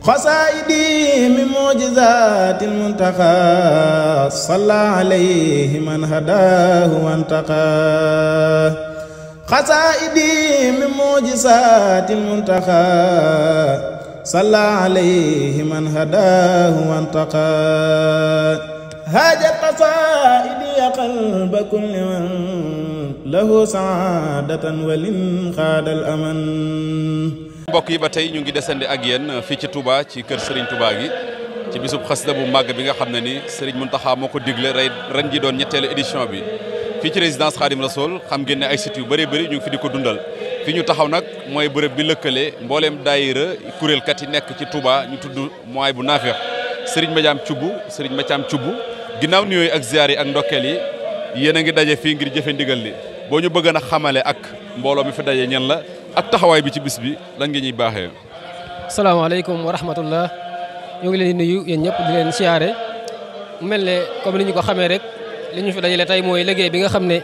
xasaayidi min mujizati lmuntaqa salla alayhi man hadaahu wantaqa xasaayidi min mujizati lmuntaqa salla alayhi man hadaahu wantaqa haajat xasaayidi qalba kulli man lahu saadatan walin xaadal aman bokk yi ba tey ñu ngi desandi ak yéen fii ci tubaa ci kër Serigne tubaa gi ci bisub xasida bu màgg bi nga xam ne ni Serigne Mountakha moo ko digle rey ren ji doon ñetteelu édition bi fii ci résidence Khadim Rassoul xam ngeen ne ay sites yu bëree bëri ñu ngi fi di ko dundal fi ñu taxaw nag mooy bërëb bi lëkkale mbooleem daayira kuréelkat yi nekk ci Touba ñu tudd mooy bu naafeex Serigne Madiame Thioub Serigne Mathiam Thioub ginnaaw nuyooyu ak ziar yi ak ndokkeel yi yéen a ngi daje fii ngir jëfe ndigal boo ñu bëgg a xamale ak mbooloo mi fi daje ñen la ak taxawaay bi ci bis bi lan nga ñuy baaxee. salaamaaleykum wa rahmatullah ñu ngi leen di nuyu yéen ñëpp di leen siyaare mu mel ne comme ni ñu ko xamee rek li ñu fi dajale tey mooy liggéey bi nga xam ne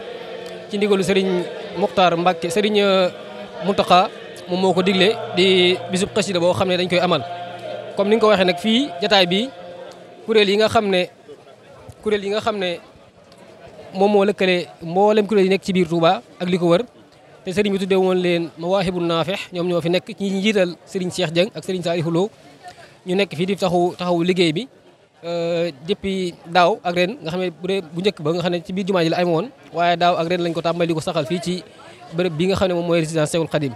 ci ndigalu Serigne Muxtaar Mbàkke Serigne euh, Muntaxa moom moo ko digle di bisub xasida boo xam ne dañ koy amal comme ni nga ko waxee nag fii jataay bi kuréel yi nga xam ne kuréel yi nga xam ne moom moo lëkkale mboolem kuréel yi nekk ci biir Touba ak li ko wër te sëriñ bi tuddee woon leen Mawahibou Nafih ñoom ñoo fi nekk ñi njiital sëriñ Cheikh Dieng ak sëriñ Salihou Lo ñu nekk fii di taxaw taxaw liggéey bi euh, depuis daaw ak nga xam ne bu bu njëkk ba nga xam ne ci biir jumaa ji la ay woon waaye daaw ak lañ ko tàmbali ko saxal fii ci bërëb bi nga xam ne moom mooy résidence Cheikhoul Khadim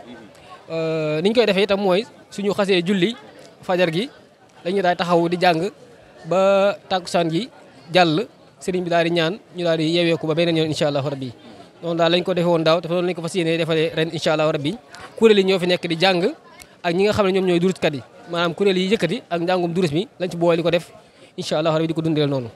euh, ni ñu koy defee itam mooy suñu xasee julli fajar gi dañu daal taxaw di jàng ba tàkkusaan gi jàll sëriñ bi daal di ñaan ñu daal di yeeweeku ba beneen yoon incha allahu rabbi noonu daal lañ ko defee woon daaw te noonu lañ ko fas yéenee defaree ren incha allah rabbi jàng ak ñi nga xam ne ñoom ñooy duruskat yi maanaam kuréel yi yëkkati ak njàngum durus mi lañ ko def incha allah ko dundeel noonu.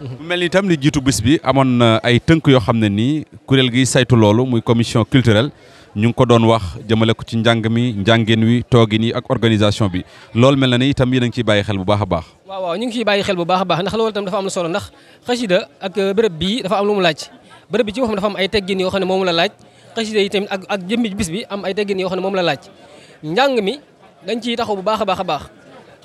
mu mel ni itam li jiitu bis bi amoon na ay tënk yoo xam ne nii kuréel gi saytu loolu muy commission culturelle ñu ngi ko doon wax jëmale ko ci njàng mi njàngeen wi toogin yi ak organisation bi loolu mel na ni itam yéen a ciy bàyyi xel bu baax a baax. waaw waaw ñu ngi ciy bàyyi xel bu baax a baax ndax loolu itam dafa am solo ndax xasida ak béréb bii dafa am lu mu laaj bërëb bi ci wax dafa am ay teggin yoo xam ne moom la laaj xasida yi tamit ak ak jëmmi bis am ay teggin yoo xam ne moom la laaj njàng mi dañ ciy taxaw bu baax a baax a baax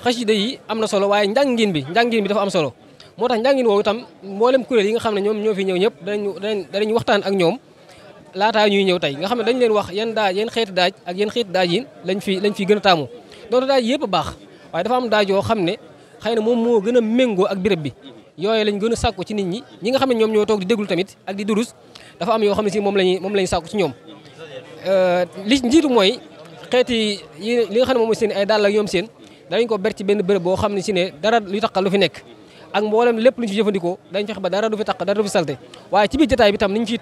xasida yi am na solo waaye njàngin bi njàngin bi dafa am solo moo tax njàngin woowu itam mboolem kuréel yi nga xam ne ñoom ñoo fi ñëw ñëpp dañ danañ waxtaan ak ñoom laataa ñuy ñëw tey nga xam ne dañ leen wax yan daaj yan xeeti daaj ak yan xeeti daaj yin lañ fi lañ fi gën a taamu doonte daaj yëpp baax waaye dafa am daaj yoo xam ne xëy na moom moo gën a méngoo ak béréb bi yooyu lañ gën a sàkku ci nit ñi ñi nga xam ne ñoom ñoo toog di déglu tamit ak di durus am yoo xam ne si moom lañu moom lañu sàkku ci ñoom euh, li njiitu mooy xeeti yi li nga xam ne moom seen ay dàll ak ñoom seen danañ ko ber ci benn bërëb boo xam ne si ne dara luy taqal lu fi nekk ak mboolem lépp lu ñu jëfandikoo dañ ba dara du taq dara fi salte waaye ci biir jotaay bi tam ni ñu fiy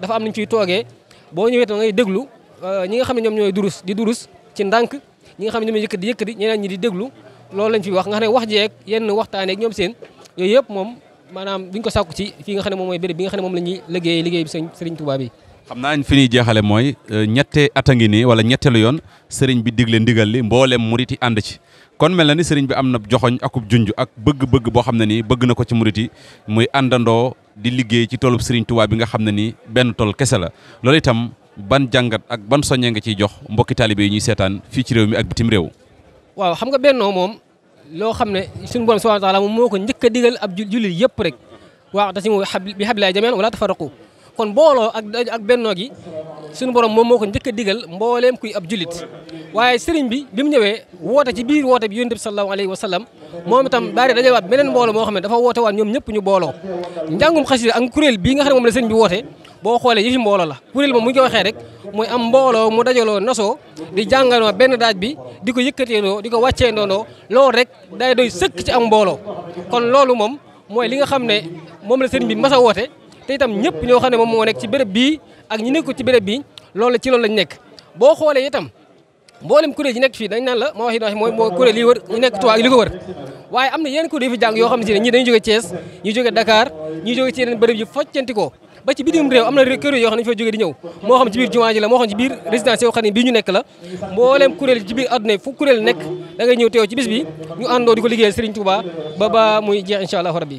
dafa am ni ñu fiy boo ñëwee tam ngay déglu euh, ñi nga xam ne ñoom ñooy durus di durus ci ndànk ñi nga xam ne ñoom ñooy yëkkati yëkkati ñeneen ñi di déglu loolu lañ fi wax nga xam ne wax jeeg yenn waxtaaneeg ñoom seen yooyu yëpp moom maanaam bu ñu ko sàkku ci fii nga xam ne moom mooy béréb liggéey bi sëriñ Touba xam naa fi ñuy jeexale mooy euh, ñette at a ngi nii wala ñetteelu yoon sëriñ bi digle ndigal li mbooleem murit yi ànd ci kon mel na ni sëriñ bi am na joxoñ akub junj ak bëgg-bëgg boo xam ne nii bëgg na ko ci murit yi muy àndandoo di liggéey ci toolu sëriñ Touba bi nga xam ne nii benn tool kese la loolu itam ban jàngat ak ban soññee nga ciy jox mbokki taalibe yi ñuy seetaan fii ci réew mi ak bitim réew loo xam ne suñu borom subhanahu wa taala moom moo ko njëkk a digal ab jullit yëpp rek waaw tasimu bi hablillahi jami'an wala tafarraqu kon booloo ak ak bennoo gi suñu borom moom moo ko njëkk a digal mbooleem kuy ab julit waaye sëriñ bi bi mu ñëwee woote ci biir woote bi yonent bi sallallahu alayhi wa sallam moom itam daal di dajalewaat beneen mbooloo moo xam ne dafa woote waat ñoom ñëpp ñu booloo njàngum xasida ak kuréel bii nga xam ne moom la sëriñ bi woote boo xoolee yëfi mbooloo la kuréel moom mu ñu ko waxee rek muy am mbooloo mu dajaloo nasoo di jàngaloo benn daaj bi di ko yëkkateendoo di ko wàcceendoondoo loolu rek day doy sëkk ci am mbooloo kon loolu moom mooy li nga xam ne moom la sëriñ bi mas a woote itam ñëpp ñoo xam ne moom moo nekk ci béréb bii ak ñi nekkul ci béréb bii loolu ci lool la lañ nekk boo xoolee itam mboolem kuréel yi nekk fii dañ naan la moo wax yi mooy mooy kuréel yi nekk Touba ak li ko wër waaye am na yeneen kuréel yu fi jàng yoo xam ne ñii dañu jóge Thiès ñu jóge Dakar ñu jóge ci yeneen béréb yu ko ba ci bitim réew am na kër yoo xam ne ñu fa jógee di ñëw moo xam ci biir jumaa ji la moo xam ci résidence yoo xam ne bii ñu nekk la mbooleem kuréel ci biir adduna fu kuréel nekk da ngay ñëw teew ci bis bi ñu àndoo di ko liggéeyal Serigne Touba ba ba muy jeex incha allahu rabbi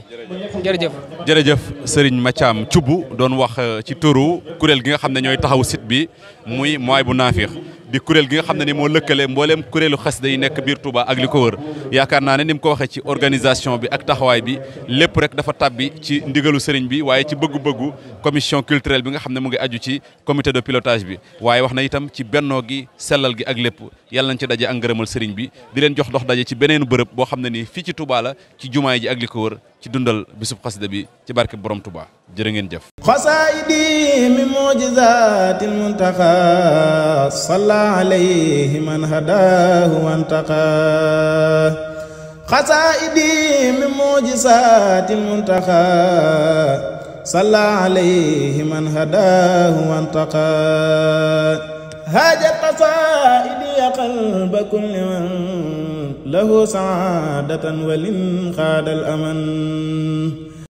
jërëjëf jërëjëf Serigne Mathiam Thioub doon wax eh, ci turu kuréel gi nga xam ne ñooy taxaw site bi muy mooy bu naafix di kuréel gi nga xam ne ni moo lëkkale mbooleem kuréelu xasida yi nekk biir Touba ak li ko wër yaakaar naa ne ni ko waxee ci organisation bi ak taxawaay bi lépp rek dafa tàbbi ci ndigalu sëriñ bi waaye ci bëggu-bëggu commission culturelle bi nga xam ne mu ngi aju ci comité de pilotage bi waaye wax na itam ci bennoo gi sellal gi ak lépp yàlla nañ ci daje ak ngërëmal sëriñ bi di leen jox dox daje ci beneen bërëb boo xam ne ni fii ci Touba la ci jumaay ji ak li ko wër ci dundal bisub xasida bi ci barke borom Touba jërë ngeen jëf xasaayidi min mujizaatil muntaqa salla alayhi man hadaahu wantaqa xasaayidi min mujizaatil muntaqa salla alayhi man hadaahu wantaqa haajat qasaa'idi qalba kulli man lahu saadatan walin xaadal aman